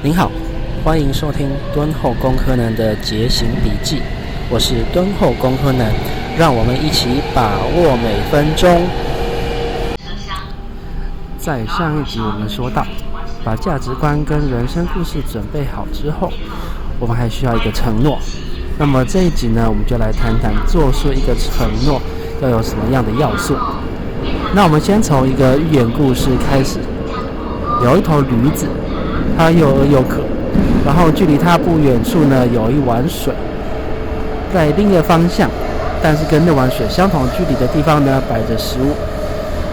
您好，歡迎收聽敦厚工科男的節行筆記，我是敦厚工科男，讓我們一起把握每分鐘。在上一集我們說到，把價值觀跟人生故事準備好之後，我們還需要一個承諾。那麼這一集呢，我們就來談談做出一個承諾要有什麼樣的要素。那我們先從一個寓言故事開始，有一頭驢子。它又餓又渴，然後距離它不遠處呢有一碗水，在另一個方向，但是跟那碗水相同距離的地方呢擺着食物。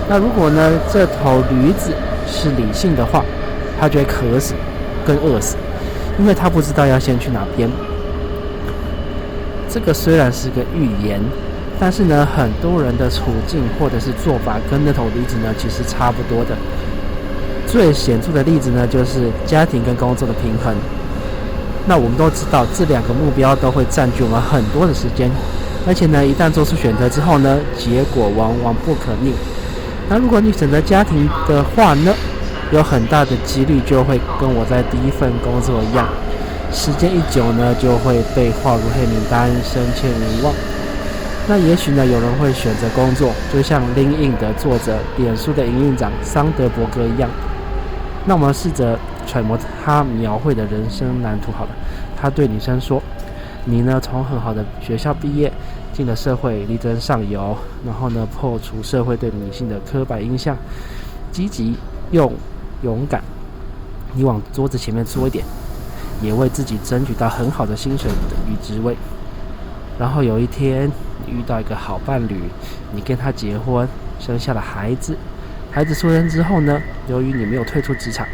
那如果呢這頭驢子是理性的話，它就會渴死跟餓死，因為它不知道要先去哪邊。這個雖然是個寓言，但是呢很多人的處境或者是做法跟那頭驢子呢其實差不多的。最顯著的例子呢，就是家庭跟工作的平衡。那我們都知道，這兩個目標都會佔據我們很多的時間，而且呢，一旦做出選擇之後呢，結果往往不可逆。那如果你選擇家庭的話呢，有很大的幾率就會跟我在第一份工作一樣，時間一久呢，就會被劃入黑名單，升遷無望。那也許呢，有人會選擇工作，就像 Lean In 的作者、臉書的營運長桑德伯格一樣。那我們試着揣摩他描繪的人生藍圖好了。他對女生說：“你呢，從很好的學校畢業，進了社會，力爭上游，然後呢，破除社會對女性的刻板印象，積極又勇敢，你往桌子前面坐一點，也為自己爭取到很好的薪水與職位。然後有一天，你遇到一個好伴侶，你跟他結婚，生下了孩子。”孩子出生之後呢，由於你沒有退出職場，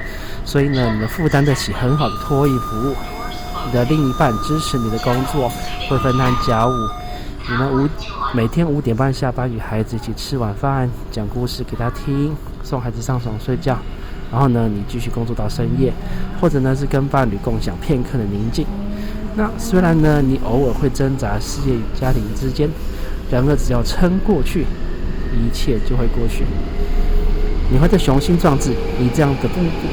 所以呢，你的負擔得起很好的托育服務。你的另一半支持你的工作，會分擔家務。你們五每天五點半下班，與孩子一起吃晚飯，講故事給他聽，送孩子上床睡覺。然後呢，你繼續工作到深夜，或者呢是跟伴侶共享片刻的寧靜。那雖然呢，你偶爾會掙扎事業與家庭之間，兩個只要撐過去，一切就會過去。你會在雄心壯志、以這樣的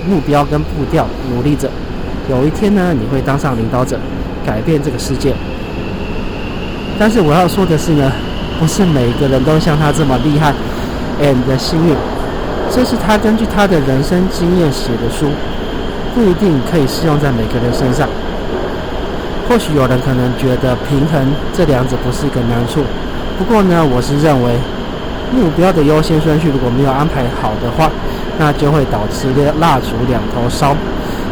目標跟步調努力着，有一天呢，你會當上領導者，改變這個世界。但是我要說的是呢，不是每一個人都像他這麼厲害，and、哎、幸運。這是他根據他的人生經驗寫的書，不一定可以適用在每個人身上。或許有人可能覺得平衡這兩者不是一個難處，不過呢，我是認為。目標的優先順序如果沒有安排好的話，那就會導致蠟燭兩頭燒。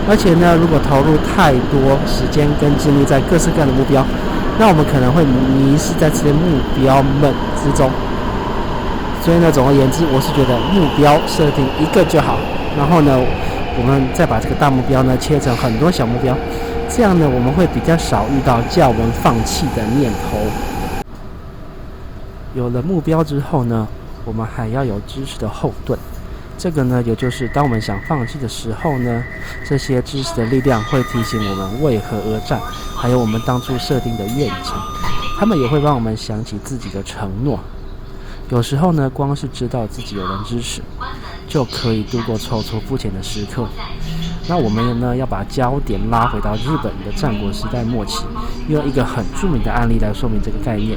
而且呢，如果投入太多時間跟精力在各式各樣的目標，那我們可能會迷失在這些目標們之中。所以呢，總而言之，我是覺得目標設定一個就好。然後呢，我們再把這個大目標呢切，成很多小目標，這樣呢，我們會比較少遇到叫我們放棄的念頭。有了目標之後呢，我們還要有支持的後盾。這個呢，也就是當我們想放棄的時候呢，這些支持的力量會提醒我們為何而戰，還有我們當初設定的願景。他們也會幫我們想起自己的承諾。有時候呢，光是知道自己有人支持，就可以度過躊躇不前的時刻。那我們呢，要把焦點拉回到日本的戰國時代末期，用一個很著名的案例來說明這個概念。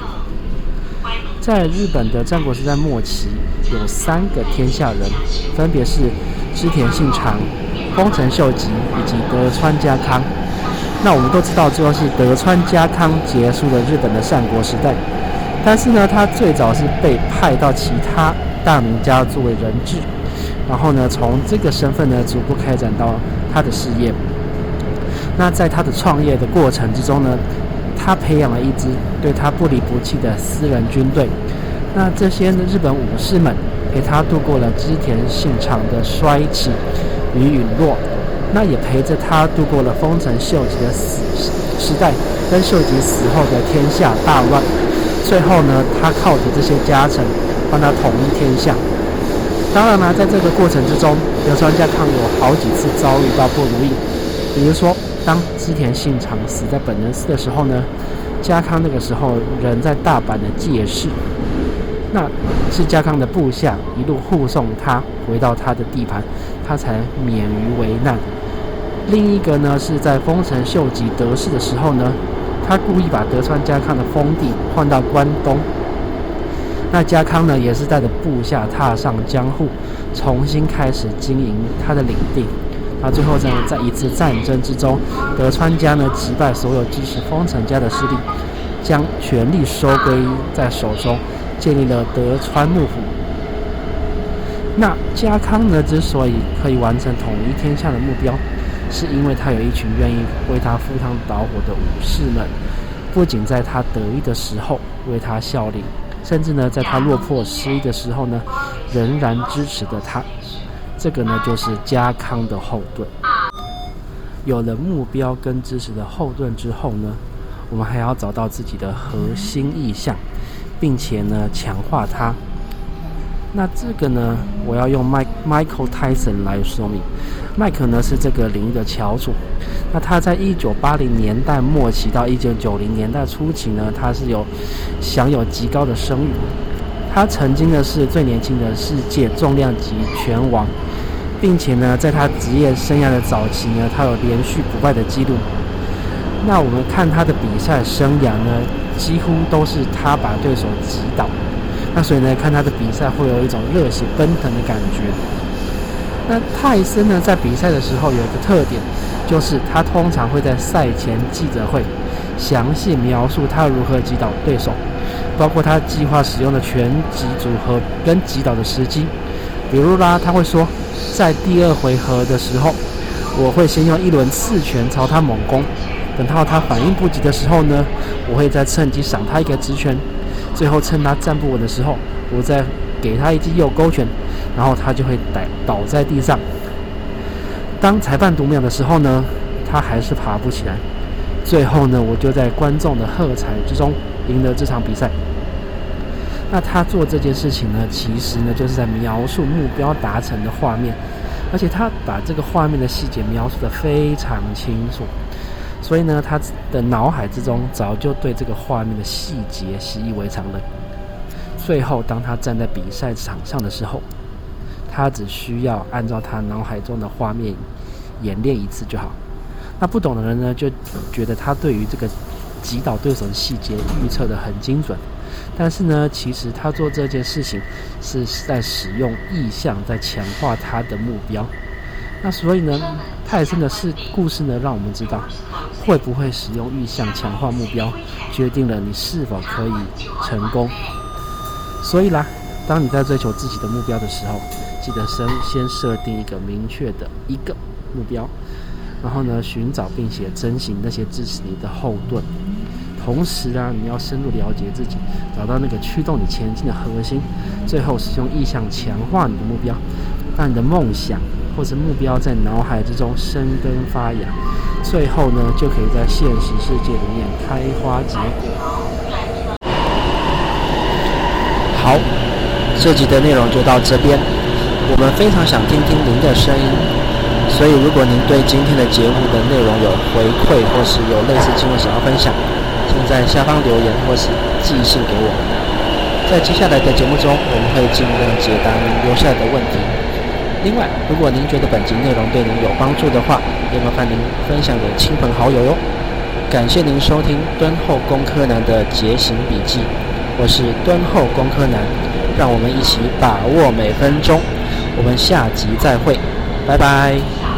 在日本的戰國時代末期，有三個天下人，分別是織田信長、豐臣秀吉以及德川家康。那我們都知道，最後是德川家康結束了日本的戰國時代。但是呢，他最早是被派到其他大名家作為人質，然後呢，從這個身份呢，逐步開展到他的事業。那在他的創業的過程之中呢，他培養了一支對他不離不棄的私人軍隊，那這些日本武士們，陪他度過了織田信長的衰起與隕落，那也陪着他度過了豐臣秀吉的死時代，跟秀吉死後的天下大亂。最後呢，他靠着這些家臣幫他統一天下。當然呢，在這個過程之中，德川家康有好幾次遭遇到不如意，比如說，當織田信長死在本能寺的時候呢，家康那個時候人在大阪的堺市，那是家康的部下一路護送他回到他的地盤，他才免於危難。另一個呢是在豐臣秀吉得勢的時候呢，他故意把德川家康的封地換到關東，那家康呢也是帶着部下踏上江戶，重新開始經營他的領地。他最後呢，在一次戰爭之中，德川家呢擊敗所有支持豐臣家的勢力，將權力收歸在手中，建立了德川幕府。那家康呢之所以可以完成統一天下的目標，是因為他有一群願意為他赴湯蹈火的武士們，不僅在他得意的時候為他效力，甚至呢在他落魄失意的時候呢，仍然支持着他。這個呢，就是家康的後盾。有了目標跟知識的後盾之後呢，我們還要找到自己的核心意象，並且呢強化它。那這個呢，我要用邁 Michael Tyson 來說明。邁克呢是這個領域的翹楚。那他在一九八零年代末期到一九九零年代初期呢，他是有享有極高的聲譽。他曾經呢是最年輕的世界重量級拳王。並且呢，在他職業生涯的早期呢，他有連續不敗的記錄。那我們看他的比賽生涯呢，幾乎都是他把對手擊倒。那所以呢，看他的比賽會有一種熱血奔騰的感覺。那泰森呢，在比賽的時候有一個特點，就是他通常會在賽前記者會詳細描述他如何擊倒對手，包括他計劃使用的拳擊組合跟擊倒的時機。比如啦，他會說，在第二回合的時候，我會先用一輪刺拳朝他猛攻，等到他反應不及的時候呢，我會再趁機賞他一個直拳，最後趁他站不穩的時候，我再給他一記右勾拳，然後他就會倒倒在地上。當裁判讀秒的時候呢，他還是爬不起來，最後呢，我就在觀眾的喝彩之中贏得這場比賽。那他做這件事情呢，其實呢就是在描述目標達成的畫面，而且他把這個畫面的細節描述得非常清楚，所以呢，他的腦海之中早就對這個畫面的細節習以為常了。最後，當他站在比賽場上的時候，他只需要按照他腦海中的畫面演練一次就好。那不懂的人呢，就覺得他對於這個擊倒對手的細節預測得很精準。但是呢，其實他做這件事情是在使用意象，在強化他的目標。那所以呢，泰森的事故事呢，讓我們知道，會不會使用意象強化目標，決定了你是否可以成功。所以啦，當你在追求自己的目標的時候，記得先先設定一個明確的一個目標，然後呢，尋找並且珍惜那些支持你的後盾。同時啊，你要深入了解自己，找到那個驅動你前進的核心。最後是用意象強化你的目標，讓你的夢想或者目標在腦海之中生根發芽。最後呢，就可以在現實世界裡面開花結果。好，這集的內容就到這邊。我們非常想聽聽您的聲音，所以如果您對今天的節目的內容有回饋，或是有類似經驗想要分享。請在下方留言或是寄信給我們。在接下來的節目中，我們會盡量解答您留下的問題。另外，如果您覺得本集內容對您有幫助的話，也麻煩您分享給親朋好友喲。感謝您收聽敦厚工科男的節行筆記，我是敦厚工科男，讓我們一起把握每分鐘。我們下集再會，拜拜。